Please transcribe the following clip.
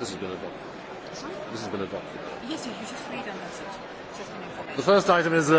This has been adopted. This has been adopted. Yes, you just read on that. The first item is. Uh...